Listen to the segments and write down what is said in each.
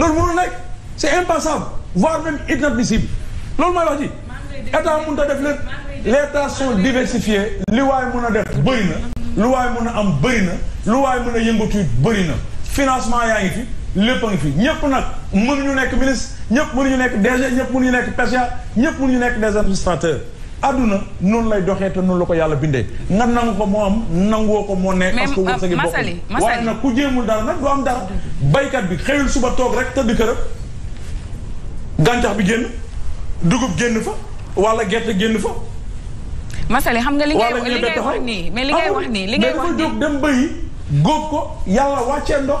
loolu mënul nekk c' est impensable voire même inadmissible loolu mooy wax ji. état mënut a def lépp les tâches sont diversifiées. li waay mën a def bëri na. lu waay mën a am bëri na. lu waay mën a yëngatu bëri na. financement yaa ngi fi lépp a ngi fi ñëpp nag mënuñu nekk ministre ñëpp mënuñu nekk DG ñëpp mënuñu nekk PCA ñëpp mënuñu nekk des administrateurs. àdduna noonu lay doxee te noonu la ko yàlla bindee nga nangu ko moo am nangoo ko moo ne parce que ah, wërsëgi bokkul waaye nag ku jéemul dara nag du am dara baykat bi xëyul suba toog rek tëdd këram gàncax bi génn dugub génn fa walla gerte génn fa masale xam nga li ngay li ngay wax nii mais li ngay wax nii li ngay wax nii dafa jóg dem bëyi góob ko yàlla wàccee ndox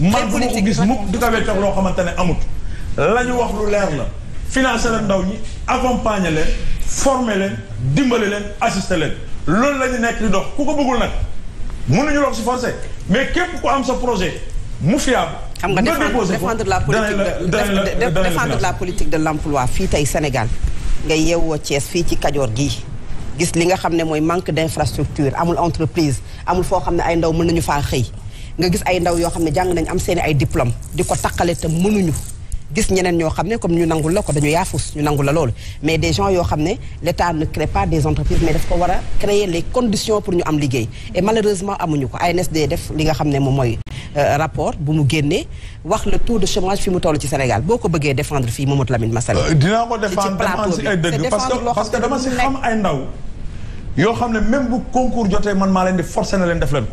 man bu ma gis mukk di ko weccoog loo xamante ne amut la ñu wax lu leer la financer leen ndaw ñi accompagner leen former leen dimbali leen assister leen loolu la ñu nekk di dox ku ko bëggul nag mënuñu la ko si forcer mais képp ku am sa projet mu fiable xam nga défendre la politique de défendre la politique de l'emploi fii tey Sénégal nga yeewoo Thiès fii ci Kajoor gii gis li nga xam ne mooy manque d'infrastructure amul entreprise amul foo xam ne ay ndaw mën nañu faa xëy nga gis ay ndaw yoo xam ne jàng nañ am seen ay diplôme di ko takkale te mënuñu gis ñeneen ñoo xam ne comme ñu nangul la ko dañu yaafus ñu nangul la loolu mais des gens yoo xam ne l' état ne crée pas des entreprises mais daf ko war a créer les conditions pour ñu am liggéey et malheureusement amuñu ko ANSD def li nga xam ne moom mooy euh, rapport bu mu génnee wax le taux de chômage fi mu toll ci Sénégal boo ko bëggee défendre fii Mamadou Lamine Massaly euh, dinaa ko défendre si ay dëgg parce que dama si xam ay ndaw yoo xam ne même bu concours jotee man maa leen di forcer na leen def leen ko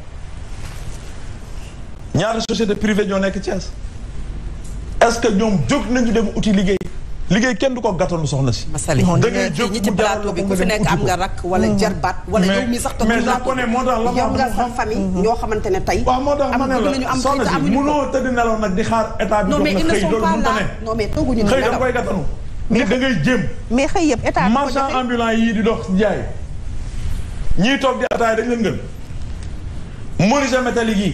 ñaari société privée ñoo nekk Thiès est que ñoom jóg nañu dem uti liggéey liggéey kenn du ko gàttanu soxna si. da ngay jóg mu jaral la ko nga dem uti ko ñi ci plateau bi ku fi nekk hmm. hmm. am ne moo tëdd nelaw nag di xaar état bi. non mais ils ne sont pas là xëy da koy gàttanu. nit da ngay mais xëy yëpp état bi ko di dox jaay ñii toog di ataay dañ leen gën menuisier métallique yi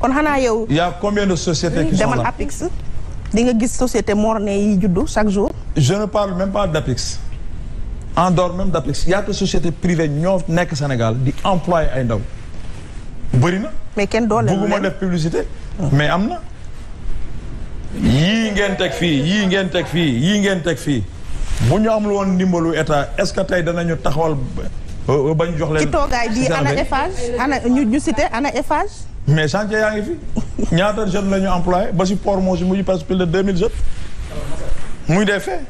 kon xanaa yow. y' a combien de sociétés qui sont là Apix di nga gis société morne yi juddu chaque jour. je ne parle même pas d' Apix même d' Apix y' a que société privée ñoo nekk Sénégal di employé ay ndaw bëri na. mais kenn dooleel bugguma def publicité. mais amna na. yii ngeen teg fii yii ngeen teg fii yii ngeen teg fii bu ñu amul woon ndimbalu état est-ce que tey danañu taxawal ba ñu jox leen. ci toogaay bii ana Eiffage ana ñu ñu cité ana Eiffage. Mais chantier Il y a des jeunes qui sont employés. Bah, si pour moi, je me dis pas plus de 2000 jeunes. Mouille des faits.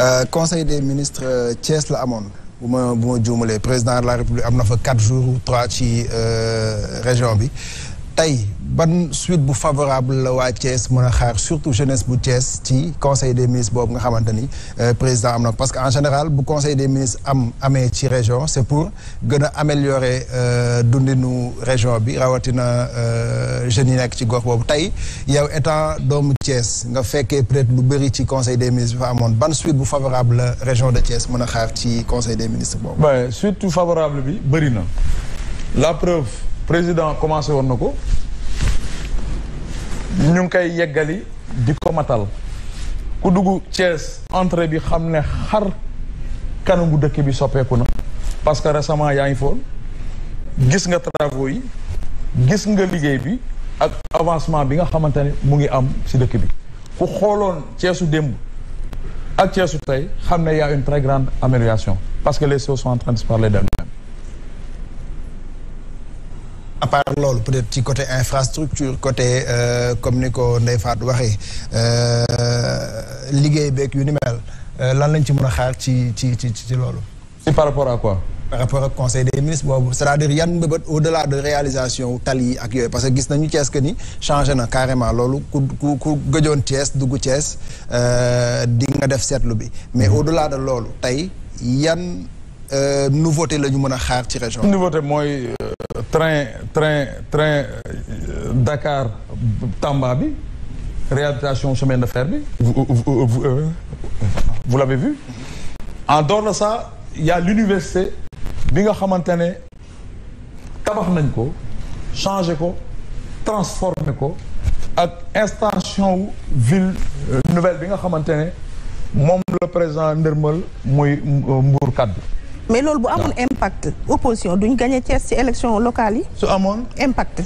Euh, conseil des ministres euh, Thiès euh, Lamon, le président de la République, a fait 4 jours ou 3 dans la région tey ban suite bu favorable la waa Thiès mën surtout jeunesse bu Thiès ci conseil des ministres Bob nga euh, président Amna. parce que en général bu conseil des ministres am amé ci région c'est pour améliorer améliorer, euh, améliorer dundinu région bi rawatina euh, jeunesse yi nekk ci gox boobu tey yow étant doomu Thiès nga fekkee peut-être bëri ci conseil des ministres bi Bonne suite bu favorable la région de Thiès mona ti conseil des ministres Bob. waaye ben, suite tout favorable bi bëri la preuve. président commencé won nako ñu ngi koy yeggali di ko matal ku duggu ties entrée bi xam xar kanu kanamu dëkk bi soppeeku na parce que récemment yaa ngi foon gis nga travaux yi gis nga liguey bi ak avancement bi nga xamante mu ngi am ci dëkk bi ku xooloon tiesu demb ak tiesu tay xam ya une très grande amélioration parce que les choses sont en train de se parler d'elles part lolu peut être ci côté infrastructure côté euh, comme ni ko Ndeye Fatou waxee euh, liggéey beeg yu ni mel euh, lan lañ ci mëna xaar ci ci ci lolu c'est par rapport à quoi. par rapport au conseil des ministres boobu c'est-à-dire yan mbëbët au-delà de réalisation tali ak yoy parce que gis nañu ties que ni changer na carrément lolu ku ku ku ties Thiès ties euh di nga def setlu bi mais mm-hmm. au-delà de lolu tay tey euh, nouveauté la ñu mën xaar ci région. nouveauté moy train train train euh, Dakar Tamba bi réhabilitation chemin de fer vous, vous, euh, euh, vous, l'avez vu en dehors de ça il y a l'université bi nga xamante ne tabax transforme ko ko ko ville nouvelle bi nga le président ndërmal muy Mbour mais lol, bu amoon impact opposition duñ gagner Thiès ci élection locale yi. su amoon impact.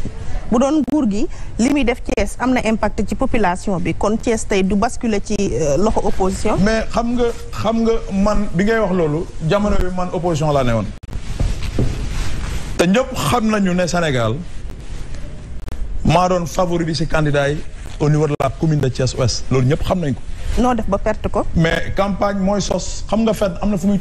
bu doon nguur gi li def Thiès amna impact ci population bi kon Thiès tay du basculer ci euh, loxo opposition. mais xam nga xam nga man bi ngay wax lolou jamono bi man opposition la néwon. woon. te ñëpp xam nañu né Sénégal ma doon favori bi ci candidat yi au niveau de la commune de Thiès Ouest Lolou ñëpp xam nañ ko. Non def ba perte ko. mais campagne moy sos xam nga fait amna na fu muy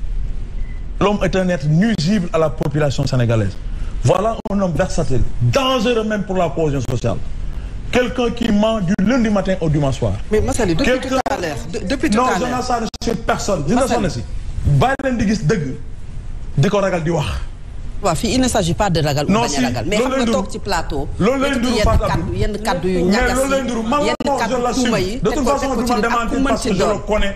L'homme est un être nuisible à la population sénégalaise. Voilà un homme versatile, dangereux même pour la cohésion sociale. Quelqu'un qui ment du lundi matin au dimanche soir. Mais Massali, depuis tout à l'heure. Depuis tout à l'heure. Non, je n'en sais personne. Je n'en sais pas. Balen di wax. Wa fi, il ne s'agit pas de ragal. ou bañ a ragal mais xam a toog ci plateau. loolu lay nduru Fatou yenn kaddu yenn kaddu yenn kaddu de toute façon du ma demande parce que je le connais.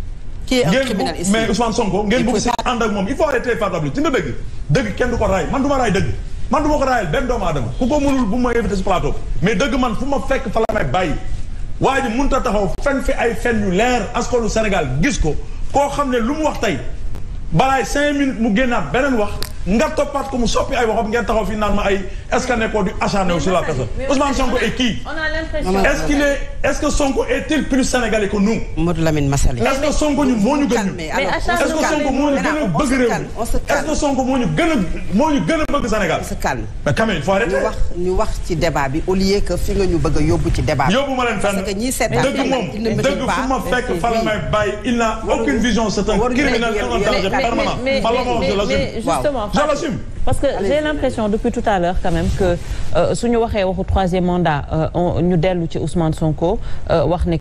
qui est un ngeen bëgg si ànd ak moom il faut arrêter par la ci nga dëgg dëgg kenn du ko raay man du ma raay dëgg man du ma ko raayal benn doomu aadama ku ko mënul bu ma invité si plateau mais dëgg man fu ma fekk fa la may bàyyi waaye ji mënut a taxaw fen fi ay fen yu leer askanu Sénégal gis ko koo xam ne lu mu wax tey balaay cinq minutes mu génnaat beneen wax nga toppaat ko mu soppi ay waxam ngeen taxaw fi naan ma ay est-ce que nekkoo du acharné sur la personne Ousmane Sonko est qui est-ce qu'il est est-ce que Sonko est-il plus sénégalais que nous Modou Lamine Massaly est-ce que Sonko ñu moo ñu gën ñu est-ce que Sonko moo ñu gën a bëgg réew est-ce que Sonko moo ñu gën a moo ñu gën a bëgg Sénégal on se calme mais quand même il faut arrêter ñu wax ñu wax ci débat bi au lieu que fi nga ñu bëgg a yóbbu ci débat bi yóbbu ma leen fenn dëgg moom dëgg fu ma fekk fala may bàyyi il n'a aucune vision c'est un criminel c'est un danger permanent je l'assume parce que j'ai l'impression depuis tout à l'heure quand même que si ñu eu waxu troisième mandat euh, ñu dellu ci Ousmane Sonko euh, wax